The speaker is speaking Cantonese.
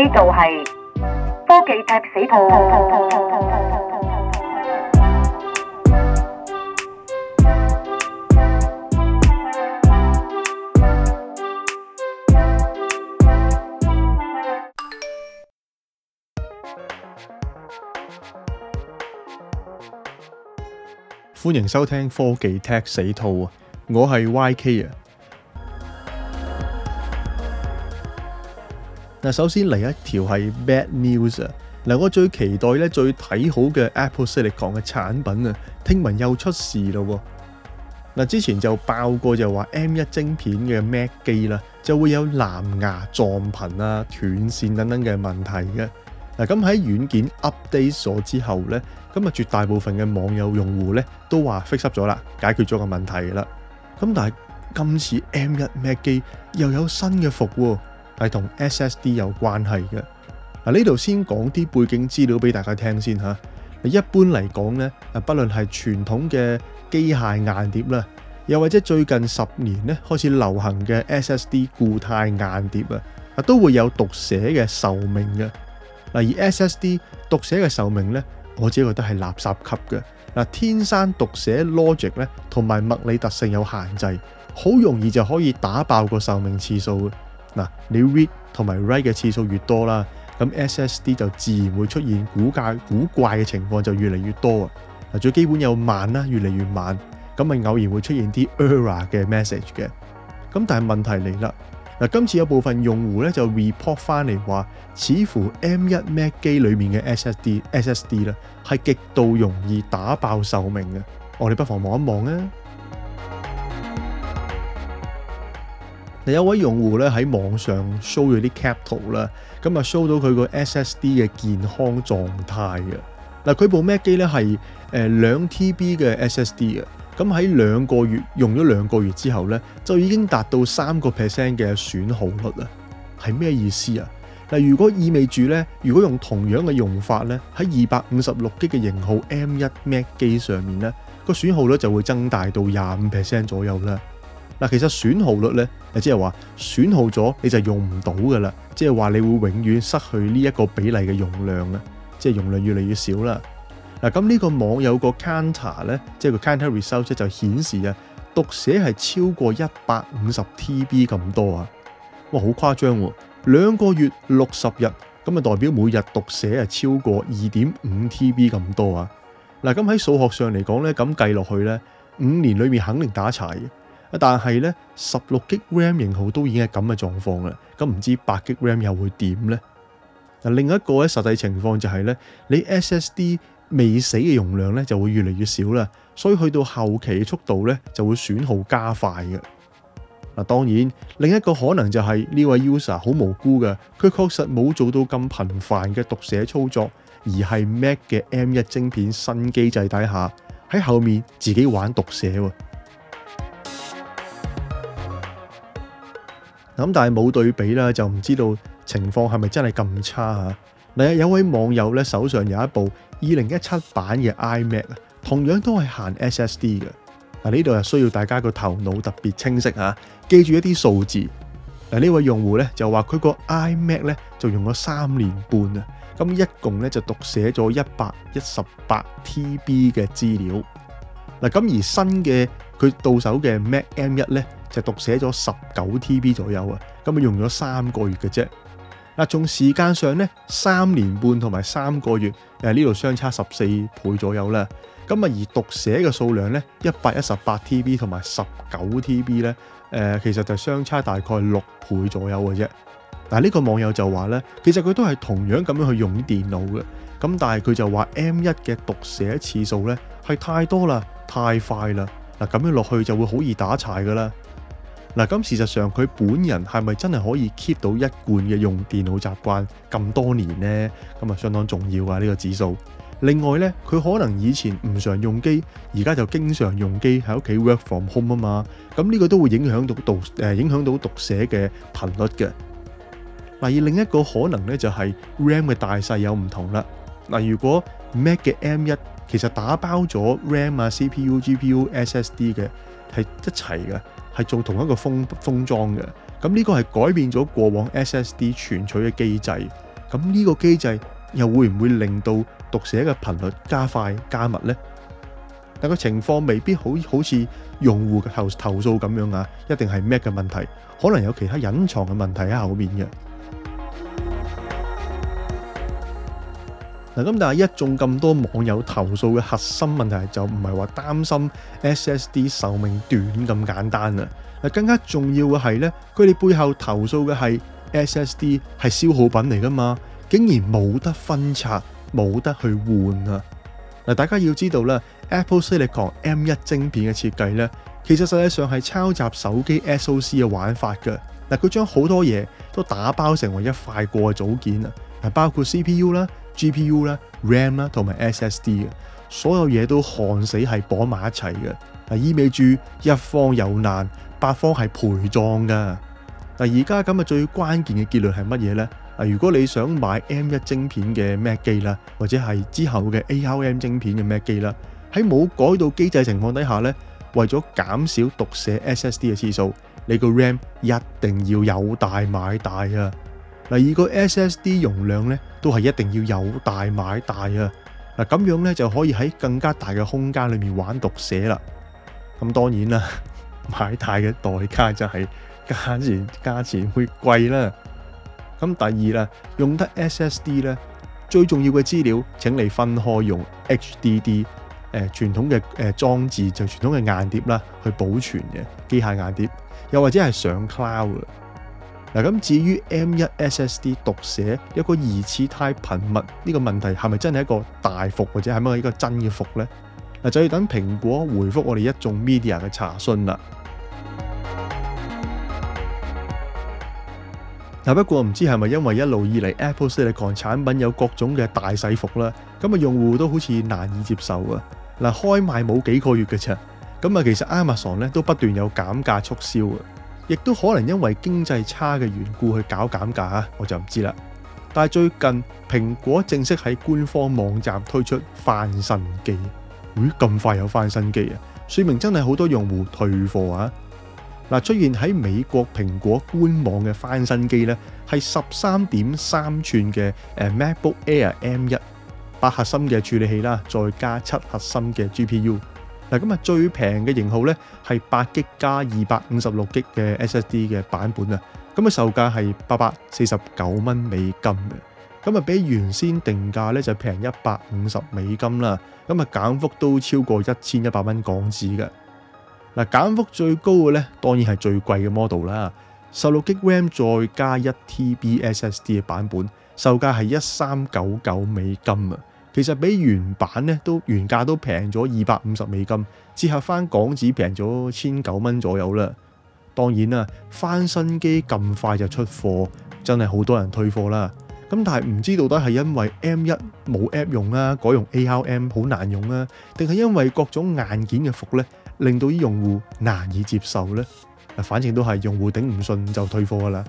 呢度係科技踢死兔，歡迎收聽科技踢死兔啊！我係 YK 啊。嗱，首先嚟一條係 bad news。嗱，我最期待咧、最睇好嘅 Apple Silicon 嘅產品啊，聽聞又出事啦。嗱，之前就爆過就話 M1 晶片嘅 Mac 機啦，就會有藍牙撞頻啊、斷線等等嘅問題嘅。嗱，咁喺軟件 update 咗之後咧，咁啊絕大部分嘅網友用戶咧都話 fix up 咗啦，解決咗個問題啦。咁但係今次 M1 Mac 機又有新嘅伏。係同 SSD 有關係嘅嗱，呢度先講啲背景資料俾大家聽先吓。一般嚟講咧，不論係傳統嘅機械硬碟啦，又或者最近十年咧開始流行嘅 SSD 固態硬碟啊，都會有讀寫嘅壽命嘅。嗱，而 SSD 讀寫嘅壽命咧，我自己覺得係垃圾級嘅。嗱，天生讀寫 logic 咧，同埋物理特性有限制，好容易就可以打爆個壽命次數嘅。嗱，你 read 同埋 write 嘅次數越多啦，咁 SSD 就自然會出現古怪古怪嘅情況就越嚟越多啊！嗱，最基本又慢啦，越嚟越慢，咁咪偶然會出現啲 error 嘅 message 嘅。咁但係問題嚟啦，嗱，今次有部分用戶咧就 report 翻嚟話，似乎 M1 Mac 機裏面嘅 SSD SSD 咧係極度容易打爆壽命嘅。我哋不妨望一望啊！有位用戶咧喺網上 show 咗啲 cap 圖啦，咁啊 show 到佢個 SSD 嘅健康狀態啊。嗱，佢部 Mac 機咧係誒兩 TB 嘅 SSD 啊，咁喺兩個月用咗兩個月之後咧，就已經達到三個 percent 嘅損耗率啊。係咩意思啊？嗱，如果意味住咧，如果用同樣嘅用法咧，喺二百五十六 G 嘅型號 M 一 Mac 機上面咧，個損耗率就會增大到廿五 percent 左右啦。嗱，其實損耗率咧，即係話損耗咗你就用唔到噶啦。即係話你會永遠失去呢一個比例嘅容量啊，即係容量越嚟越少啦。嗱，咁呢個網友個 counter 咧，即係個 counter result 就顯示啊，讀寫係超過一百五十 TB 咁多啊。哇，好誇張喎！兩個月六十日咁啊，就代表每日讀寫係超過二點五 TB 咁多啊。嗱，咁喺數學上嚟講咧，咁計落去咧，五年裡面肯定打柴嘅。但係咧，十六 G RAM 型號都已經係咁嘅狀況啦。咁唔知八 G RAM 又會點呢？嗱，另一個咧實際情況就係咧，你 SSD 未死嘅容量咧就會越嚟越少啦，所以去到後期嘅速度咧就會損耗加快嘅。嗱，當然另一個可能就係呢位 user 好無辜嘅，佢確實冇做到咁頻繁嘅讀寫操作，而係 Mac 嘅 M1 晶片新機制底下喺後面自己玩讀寫喎。咁但係冇對比啦，就唔知道情況係咪真係咁差啊？嗱，有位網友咧手上有一部二零一七版嘅 iMac，同樣都係行 SSD 嘅。嗱，呢度又需要大家個頭腦特別清晰嚇，記住一啲數字。嗱，呢位用戶咧就話佢個 iMac 咧就用咗三年半啊，咁一共咧就讀寫咗一百一十八 TB 嘅資料。嗱，咁而新嘅佢到手嘅 Mac M1 咧。就是、讀寫咗十九 TB 左右啊，咁啊用咗三個月嘅啫。嗱，從時間上咧，三年半同埋三個月，誒呢度相差十四倍左右啦。咁啊，而讀寫嘅數量咧，一百一十八 TB 同埋十九 TB 咧，誒其實就相差大概六倍左右嘅啫。嗱，呢個網友就話咧，其實佢都係同樣咁樣去用電腦嘅，咁但係佢就話 M1 嘅讀寫次數咧係太多啦，太快啦，嗱，咁樣落去就會好易打柴噶啦。嗱，咁事實上佢本人係咪真係可以 keep 到一貫嘅用電腦習慣咁多年呢？咁啊相當重要啊呢個指數。另外呢，佢可能以前唔常用機，而家就經常用機喺屋企 work from home 啊嘛。咁呢個都會影響到讀誒影響到讀寫嘅頻率嘅。嗱，而另一個可能呢就係 RAM 嘅大細有唔同啦。嗱，如果 Mac 嘅 M1 其實打包咗 RAM 啊、CPU、GPU、SSD 嘅係一齊嘅。係做同一個封封裝嘅。咁、這、呢個係改變咗過往 SSD 存取嘅機制，咁、這、呢個機制又會唔會令到讀寫嘅頻率加快加密呢？但個情況未必好好似用戶嘅投投訴咁樣啊，一定係咩嘅問題？可能有其他隱藏嘅問題喺後面嘅。咁但係一眾咁多網友投訴嘅核心問題就唔係話擔心 SSD 壽命短咁簡單啊！嗱，更加重要嘅係咧，佢哋背後投訴嘅係 SSD 係消耗品嚟噶嘛，竟然冇得分拆，冇得去換啊！嗱，大家要知道咧，Apple Silicon M1 晶片嘅設計咧，其實實際上係抄襲手機 SOC 嘅玩法噶。嗱，佢將好多嘢都打包成為一塊過嘅組件啊，包括 CPU 啦。GPU 啦、RAM 啦同埋 SSD 嘅，所有嘢都焊死係綁埋一齊嘅，嗱意味住一方有難，八方係陪葬噶。嗱而家咁啊，最關鍵嘅結論係乜嘢呢？嗱，如果你想買 M1 晶片嘅 Mac 機啦，或者係之後嘅 ARM 晶片嘅 Mac 機啦，喺冇改到機制的情況底下呢，為咗減少讀寫 SSD 嘅次數，你個 RAM 一定要有大買大啊！嗱，二個 SSD 容量咧，都係一定要有大買大啊！嗱，咁樣咧就可以喺更加大嘅空間裏面玩讀寫啦。咁當然啦，買大嘅代價就係價錢，價錢會貴啦。咁第二啦，用得 SSD 咧，最重要嘅資料請你分開用 HDD，誒、呃、傳統嘅誒、呃、裝置就是、傳統嘅硬碟啦，去保存嘅機械硬碟，又或者係上 cloud。嗱，咁至於 M1 SSD 讀寫一個疑似太頻密呢個問題，係咪真係一個大伏，或者係咪一個真嘅伏呢？嗱，就要等蘋果回覆我哋一眾 media 嘅查詢啦。嗱， 不過唔知係咪因為一路以嚟 Apple Silicon 產品有各種嘅大細伏啦，咁啊，用戶都好似難以接受啊。嗱，開賣冇幾個月嘅啫，咁啊，其實 Amazon 咧都不斷有減價促銷亦都可能因為經濟差嘅緣故去搞減價啊，我就唔知啦。但係最近蘋果正式喺官方網站推出翻新機，咦咁快有翻新機啊？說明真係好多用戶退貨啊！嗱，出現喺美國蘋果官網嘅翻新機呢，係十三點三吋嘅誒 MacBook Air M1，八核心嘅處理器啦，再加七核心嘅 GPU。嗱，咁啊最平嘅型號咧係八吉加二百五十六吉嘅 SSD 嘅版本啊，咁嘅售價係八百四十九蚊美金嘅，咁啊比原先定價咧就平一百五十美金啦，咁啊減幅都超過一千一百蚊港紙嘅。嗱，減幅最高嘅咧當然係最貴嘅 model 啦，十六吉 RAM 再加一 TB SSD 嘅版本，售價係一三九九美金啊。其實比原版咧都原價都平咗二百五十美金，折合翻港紙平咗千九蚊左右啦。當然啦，翻新機咁快就出貨，真係好多人退貨啦。咁但係唔知到底係因為 M1 冇 app 用啦，改用 ARM 好難用啦，定係因為各種硬件嘅服咧，令到啲用戶難以接受咧？嗱，反正都係用戶頂唔順就退貨啦。